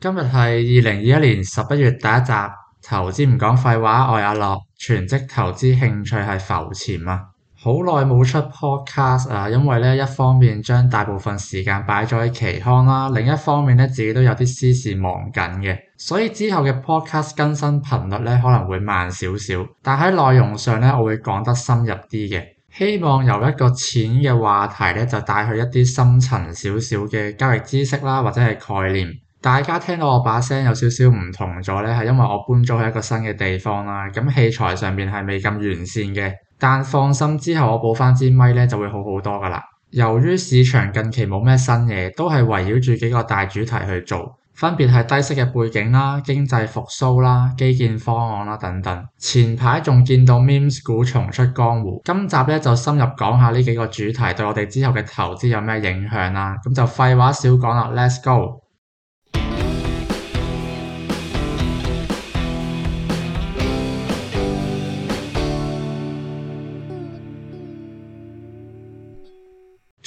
今日係二零二一年十一月第一集，投資唔講廢話。我係阿樂全職投資，興趣係浮潛啊！好耐冇出 podcast 啊，因為咧一方面將大部分時間擺咗喺期刊啦，另一方面咧自己都有啲私事忙緊嘅，所以之後嘅 podcast 更新頻率咧可能會慢少少，但喺內容上咧我會講得深入啲嘅，希望由一個淺嘅話題咧就帶去一啲深層少少嘅交易知識啦，或者係概念。大家聽到我把聲有少少唔同咗咧，係因為我搬咗去一個新嘅地方啦。咁器材上面係未咁完善嘅，但放心，之後我補翻支咪咧就會好好多噶啦。由於市場近期冇咩新嘢，都係圍繞住幾個大主題去做，分別係低息嘅背景啦、經濟復甦啦、基建方案啦等等。前排仲見到 Meme 股重出江湖，今集咧就深入講下呢幾個主題對我哋之後嘅投資有咩影響啦。咁就廢話少講啦，Let's go！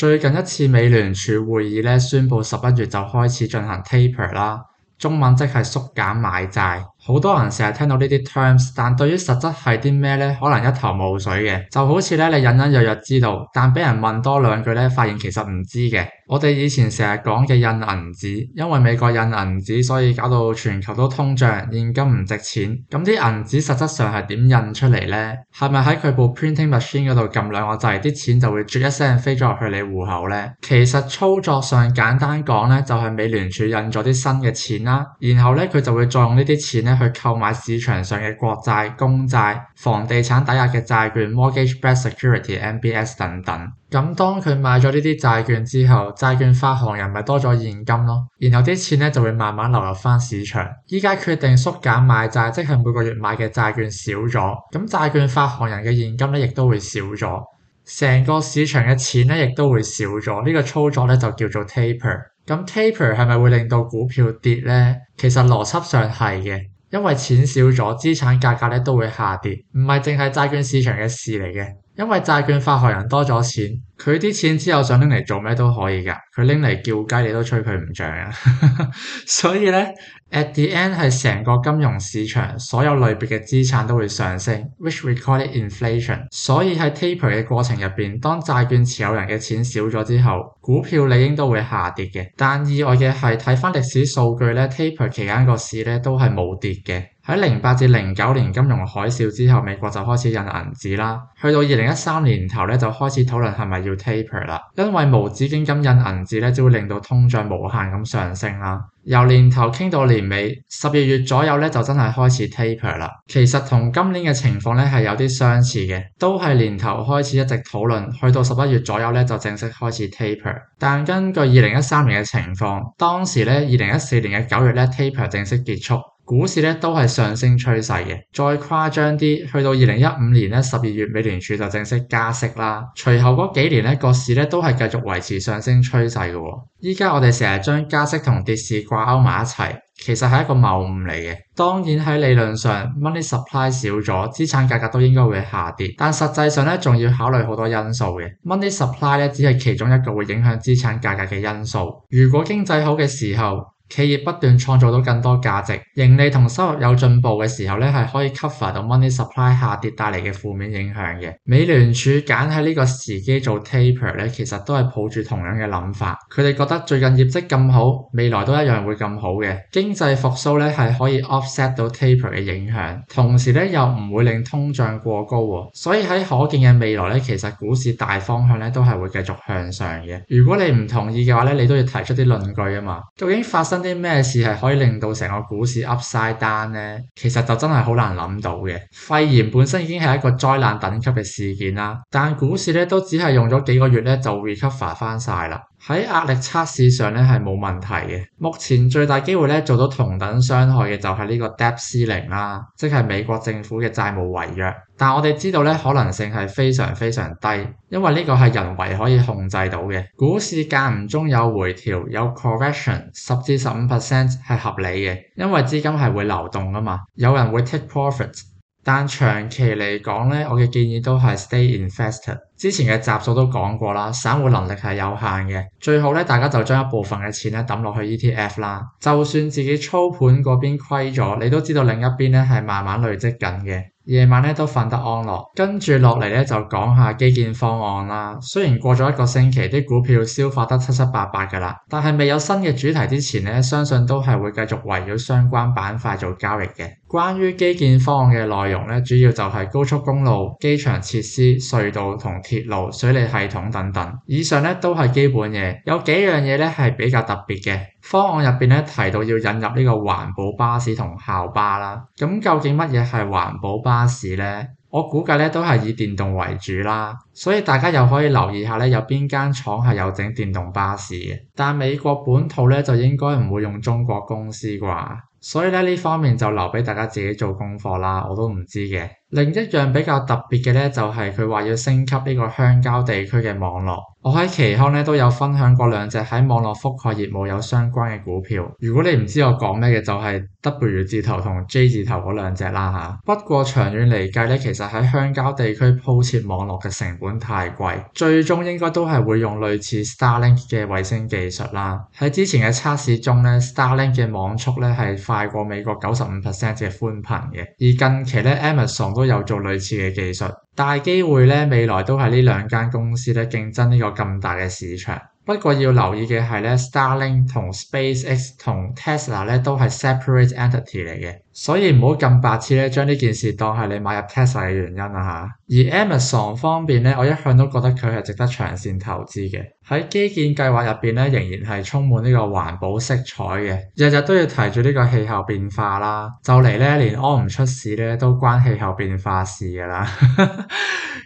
最近一次美聯儲會議咧，宣布十一月就開始進行 taper 啦，中文即係縮減買債。好多人成日聽到呢啲 terms，但對於實質係啲咩呢？可能一頭霧水嘅。就好似咧，你隱隱約約知道，但俾人問多兩句咧，發現其實唔知嘅。我哋以前成日講嘅印銀紙，因為美國印銀紙，所以搞到全球都通脹，現金唔值錢。咁啲銀紙實質上係點印出嚟呢？係咪喺佢部 printing machine 嗰度撳兩個掣，啲錢就會啜一聲飛咗入去你戶口呢？其實操作上簡單講呢，就係美聯儲印咗啲新嘅錢啦，然後呢，佢就會再用呢啲錢去購買市場上嘅國債、公債、房地產抵押嘅債券 Security, m o r t g a g e b a s k e d security，MBS） 等等。咁當佢買咗呢啲債券之後，債券發行人咪多咗現金咯。然後啲錢咧就會慢慢流入翻市場。依家決定縮減買債，即係每個月買嘅債券少咗，咁債券發行人嘅現金咧亦都會少咗，成個市場嘅錢咧亦都會少咗。呢、這個操作咧就叫做 taper。咁 taper 係咪會令到股票跌呢？其實邏輯上係嘅。因為錢少咗，資產價格咧都會下跌，唔係淨係債券市場嘅事嚟嘅。因為債券發行人多咗錢，佢啲錢之後想拎嚟做咩都可以噶，佢拎嚟叫雞你都吹佢唔漲啊， 所以咧 at the end 係成個金融市場所有類別嘅資產都會上升，which we call it inflation。所以喺 taper 嘅過程入邊，當債券持有人嘅錢少咗之後，股票理應都會下跌嘅。但意外嘅係睇翻歷史數據咧，taper 期間個市咧都係冇跌嘅。喺零八至零九年金融海嘯之後，美國就開始印銀紙啦。去到二零一三年頭咧，就開始討論係咪要 taper 啦。因為無止境咁，咁印銀紙咧，就會令到通脹無限咁上升啦。由年頭傾到年尾，十二月左右咧就真係開始 taper 啦。其實同今年嘅情況咧係有啲相似嘅，都係年頭開始一直討論，去到十一月左右咧就正式開始 taper。但根據二零一三年嘅情況，當時咧二零一四年嘅九月咧 taper 正式結束。股市咧都係上升趨勢嘅，再誇張啲，去到二零一五年咧十二月，美聯儲就正式加息啦。隨後嗰幾年咧，個市咧都係繼續維持上升趨勢嘅。依家我哋成日將加息同跌市掛鈎埋一齊，其實係一個謬誤嚟嘅。當然喺理論上，money supply 少咗，資產價格都應該會下跌，但實際上咧，仲要考慮好多因素嘅。money supply 咧只係其中一個會影響資產價格嘅因素。如果經濟好嘅時候，企業不斷創造到更多價值，盈利同收入有進步嘅時候咧，係可以 cover 到 money supply 下跌帶嚟嘅負面影響嘅。美聯儲揀喺呢個時機做 taper 咧，其實都係抱住同樣嘅諗法。佢哋覺得最近業績咁好，未來都一樣會咁好嘅。經濟復甦咧係可以 offset 到 taper 嘅影響，同時咧又唔會令通脹過高喎。所以喺可見嘅未來咧，其實股市大方向咧都係會繼續向上嘅。如果你唔同意嘅話咧，你都要提出啲論據啊嘛。究竟發生啲咩事係可以令到成個股市 Upside Down 咧？其實就真係好難諗到嘅。肺炎本身已經係一個災難等級嘅事件啦，但股市咧都只係用咗幾個月咧就 recover 翻晒啦。喺壓力測試上咧係冇問題嘅。目前最大機會咧做到同等傷害嘅就係呢個 Debt Ceiling 啦，即係美國政府嘅債務違約。但我哋知道咧可能性係非常非常低，因為呢個係人為可以控制到嘅。股市間唔中有回調有 correction 十至十五 percent 係合理嘅，因為資金係會流動㗎嘛，有人會 take profit。但長期嚟講呢，我嘅建議都係 stay invested。之前嘅集數都講過啦，散戶能力係有限嘅，最好呢，大家就將一部分嘅錢呢抌落去 ETF 啦。就算自己操盤嗰邊虧咗，你都知道另一邊呢係慢慢累積緊嘅。夜晚咧，都瞓得安樂，跟住落嚟咧，就講下基建方案啦。雖然過咗一個星期啲股票消化得七七八八噶啦，但係未有新嘅主題之前咧，相信都係會繼續圍繞相關板塊做交易嘅。關於基建方案嘅內容咧，主要就係高速公路、機場設施、隧道同鐵路、水利系統等等。以上咧，都係基本嘢，有幾樣嘢咧，係比較特別嘅。方案入面咧提到要引入呢個環保巴士同校巴啦，咁究竟乜嘢係環保巴士咧？我估計咧都係以電動為主啦，所以大家又可以留意下咧有邊間廠係有整電動巴士嘅。但美國本土咧就應該唔會用中國公司啩。所以咧呢方面就留俾大家自己做功課啦，我都唔知嘅。另一樣比較特別嘅呢，就係佢話要升級呢個鄉郊地區嘅網絡。我喺期康呢都有分享過兩隻喺網絡覆蓋業務有相關嘅股票。如果你唔知我講咩嘅，就係、是、W 字頭同 J 字頭嗰兩隻啦吓。不過長遠嚟計呢，其實喺鄉郊地區鋪設網絡嘅成本太貴，最終應該都係會用類似 Starlink 嘅衛星技術啦。喺之前嘅測試中呢，Starlink 嘅網速呢係。快過美國九十五 percent 嘅寬頻嘅，而近期咧 Amazon 都有做類似嘅技術，大機會咧未來都係呢兩間公司咧競爭呢個咁大嘅市場。不過要留意嘅係咧，Starlink 同 SpaceX 同 Tesla 咧都係 separate entity 嚟嘅。所以唔好咁白痴咧，將呢件事當係你買入 Tesla 嘅原因啊吓。而 Amazon 方面咧，我一向都覺得佢係值得長線投資嘅。喺基建計劃入邊咧，仍然係充滿呢個環保色彩嘅。日日都要提住呢個氣候變化啦。就嚟呢連屙唔出屎咧，都關氣候變化事噶啦。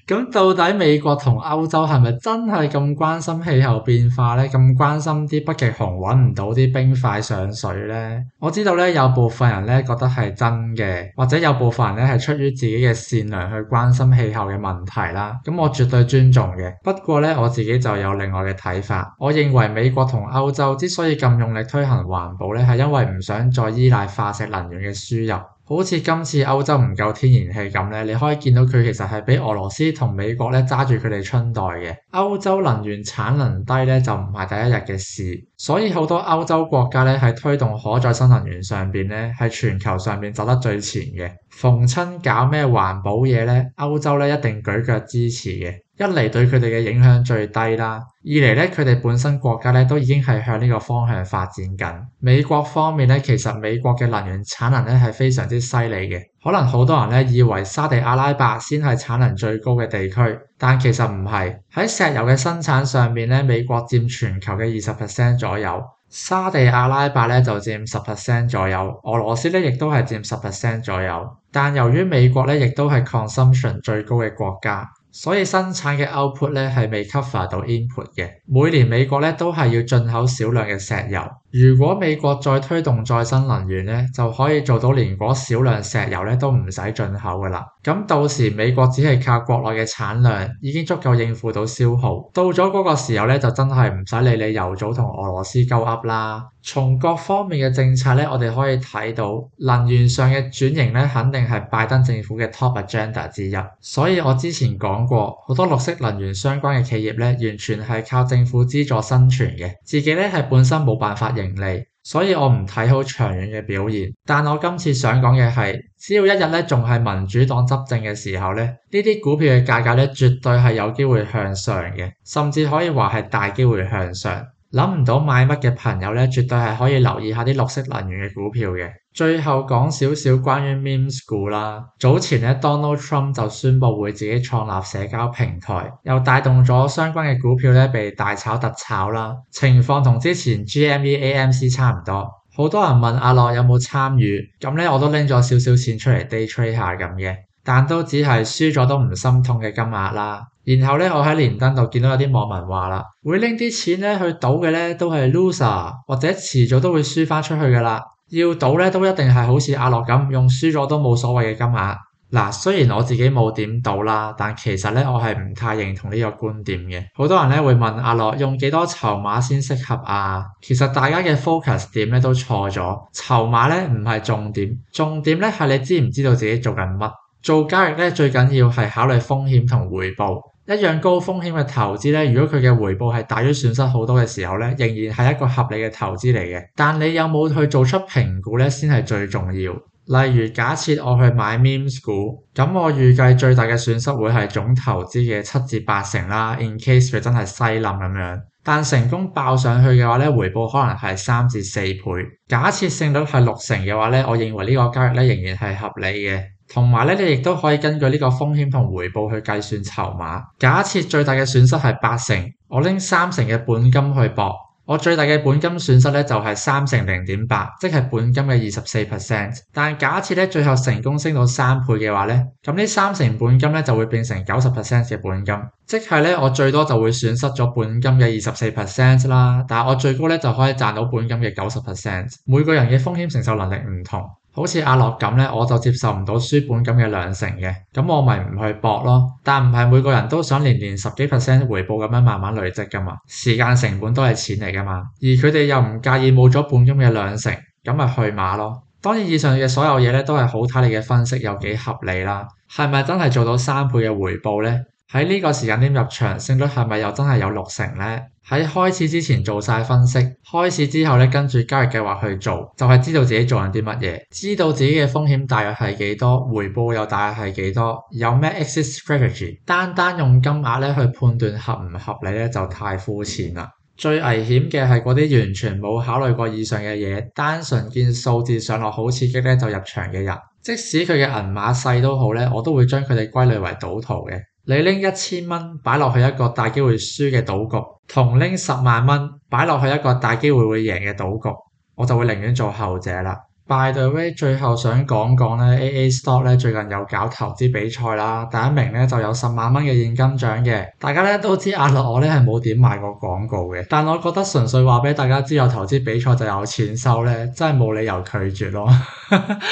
咁 到底美國同歐洲係咪真係咁關心氣候變化咧？咁關心啲北極熊搵唔到啲冰塊上水咧？我知道咧，有部分人咧覺得。係真嘅，或者有部分人係出於自己嘅善良去關心氣候嘅問題啦。咁我絕對尊重嘅。不過呢，我自己就有另外嘅睇法。我認為美國同歐洲之所以咁用力推行環保呢，係因為唔想再依賴化石能源嘅輸入。好似今次歐洲唔夠天然氣咁咧，你可以見到佢其實係俾俄羅斯同美國咧揸住佢哋春袋嘅。歐洲能源產能低咧就唔係第一日嘅事，所以好多歐洲國家咧，係推動可再生能源上邊咧，係全球上面走得最前嘅。逢親搞咩環保嘢咧，歐洲咧一定舉腳支持嘅。一嚟對佢哋嘅影響最低啦，二嚟咧佢哋本身國家咧都已經係向呢個方向發展緊。美國方面咧，其實美國嘅能源產能咧係非常之犀利嘅。可能好多人咧以為沙地阿拉伯先係產能最高嘅地區，但其實唔係。喺石油嘅生產上面咧，美國佔全球嘅二十 percent 左右，沙地阿拉伯咧就佔十 percent 左右，俄羅斯咧亦都係佔十 percent 左右。但由於美國咧亦都係 consumption 最高嘅國家。所以生產嘅 output 呢係未 cover 到 input 嘅。每年美國呢都係要進口少量嘅石油。如果美國再推動再生能源呢，就可以做到連嗰少量石油呢都唔使進口㗎喇。咁到時美國只係靠國內嘅產量已經足夠應付到消耗，到咗嗰個時候咧就真係唔使理你油組同俄羅斯鳩噏啦。從各方面嘅政策咧，我哋可以睇到能源上嘅轉型咧，肯定係拜登政府嘅 top agenda 之一。所以我之前講過，好多綠色能源相關嘅企業咧，完全係靠政府資助生存嘅，自己咧係本身冇辦法盈利。所以我唔睇好長遠嘅表現，但我今次想講嘅係，只要一日呢仲係民主黨執政嘅時候呢，呢啲股票嘅價格呢絕對係有機會向上嘅，甚至可以話係大機會向上。諗唔到買乜嘅朋友咧，絕對係可以留意下啲綠色能源嘅股票嘅。最後講少少關於 Meme 股啦。早前咧 Donald Trump 就宣布會自己創立社交平台，又帶動咗相關嘅股票咧被大炒特炒啦。情況同之前 GME、AMC 差唔多。好多人問阿樂有冇參與，咁咧我都拎咗少少錢出嚟 day trade 下咁嘅，但都只係輸咗都唔心痛嘅金額啦。然後咧，我喺連登度見到有啲網民話啦，會拎啲錢咧去賭嘅咧都係 loser，或者遲早都會輸翻出去㗎啦。要賭咧都一定係好似阿樂咁用輸咗都冇所謂嘅金額。嗱，雖然我自己冇點賭啦，但其實咧我係唔太認同呢個觀點嘅。好多人咧會問阿樂用幾多籌碼先適合啊？其實大家嘅 focus 點咧都錯咗，籌碼咧唔係重點，重點咧係你知唔知道自己做緊乜？做交易咧最緊要係考慮風險同回報。一樣高風險嘅投資咧，如果佢嘅回報係大於損失好多嘅時候咧，仍然係一個合理嘅投資嚟嘅。但你有冇去做出評估咧，先係最重要。例如假設我去買 meme 股，咁我預計最大嘅損失會係總投資嘅七至八成啦，in case 佢真係西冧咁樣。但成功爆上去嘅話咧，回報可能係三至四倍。假設勝率係六成嘅話咧，我認為呢個交易咧仍然係合理嘅。同埋咧，你亦都可以根據呢個風險同回報去計算籌碼。假設最大嘅損失係八成，我拎三成嘅本金去搏，我最大嘅本金損失咧就係三成零點八，即係本金嘅二十四 percent。但係假設咧最後成功升到三倍嘅話咧，咁呢三成本金咧就會變成九十 percent 嘅本金，即係咧我最多就會損失咗本金嘅二十四 percent 啦。但係我最高咧就可以賺到本金嘅九十 percent。每個人嘅風險承受能力唔同。好似阿樂咁咧，我就接受唔到輸本金嘅兩成嘅，咁我咪唔去博咯。但唔係每個人都想年年十幾 percent 回報咁樣慢慢累積噶嘛，時間成本都係錢嚟噶嘛。而佢哋又唔介意冇咗本金嘅兩成，咁咪去馬咯。當然以上嘅所有嘢咧，都係好睇你嘅分析有幾合理啦，係咪真係做到三倍嘅回報咧？喺呢個時間點入場，勝率係咪又真係有六成呢？喺開始之前做晒分析，開始之後咧跟住交易計劃去做，就係知道自己做緊啲乜嘢，知道自己嘅風險大約係幾多，回報又大約係幾多，有咩 exit strategy？單單用金額咧去判斷合唔合理咧就太膚淺啦。最危險嘅係嗰啲完全冇考慮過以上嘅嘢，單純見數字上落好刺激咧就入場嘅人，即使佢嘅銀碼細都好咧，我都會將佢哋歸類為賭徒嘅。你拎一千蚊擺落去一個大機會輸嘅賭局，同拎十萬蚊擺落去一個大機會會贏嘅賭局，我就會寧願做後者啦。By the way，最後想講講咧，AA Stock 咧最近有搞投資比賽啦，第一名咧就有十萬蚊嘅現金獎嘅。大家咧都知，阿樂我咧係冇點賣過廣告嘅，但我覺得純粹話俾大家知有投資比賽就有錢收咧，真係冇理由拒絕咯。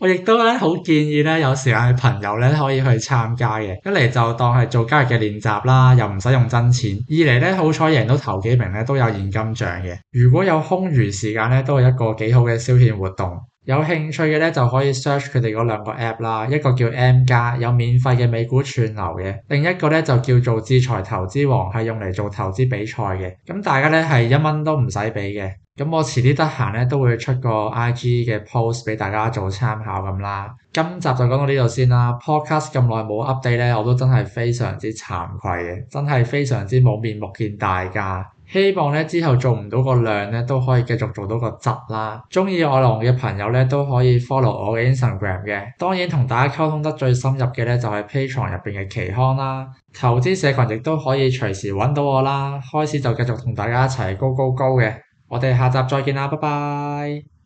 我亦都咧好建議咧有時間嘅朋友咧可以去參加嘅，一嚟就當係做交易嘅練習啦，又唔使用，用真錢；二嚟咧好彩贏到頭幾名咧都有現金獎嘅。如果有空餘時間咧，都係一個幾好嘅消遣活動。有興趣嘅咧就可以 search 佢哋嗰兩個 app 啦，一個叫 M 加有免費嘅美股串流嘅，另一個咧就叫做資財投資王，係用嚟做投資比賽嘅。咁大家咧係一蚊都唔使俾嘅。咁我遲啲得閒咧，都會出個 IG 嘅 post 俾大家做參考咁啦。今集就講到呢度先啦。Podcast 咁耐冇 update 咧，我都真係非常之慚愧嘅，真係非常之冇面目見大家。希望咧之後做唔到個量咧，都可以繼續做到個質啦。鍾意我龍嘅朋友咧，都可以 follow 我嘅 Instagram 嘅。當然同大家溝通得最深入嘅咧，就係 Patreon 入邊嘅期刊啦。投資社群亦都可以隨時揾到我啦。開始就繼續同大家一齊高高高嘅。我哋下集再見啦，拜拜。